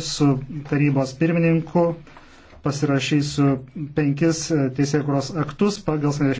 su tarybos pirmininku pasirašysiu penkis teisėkuros aktus pagal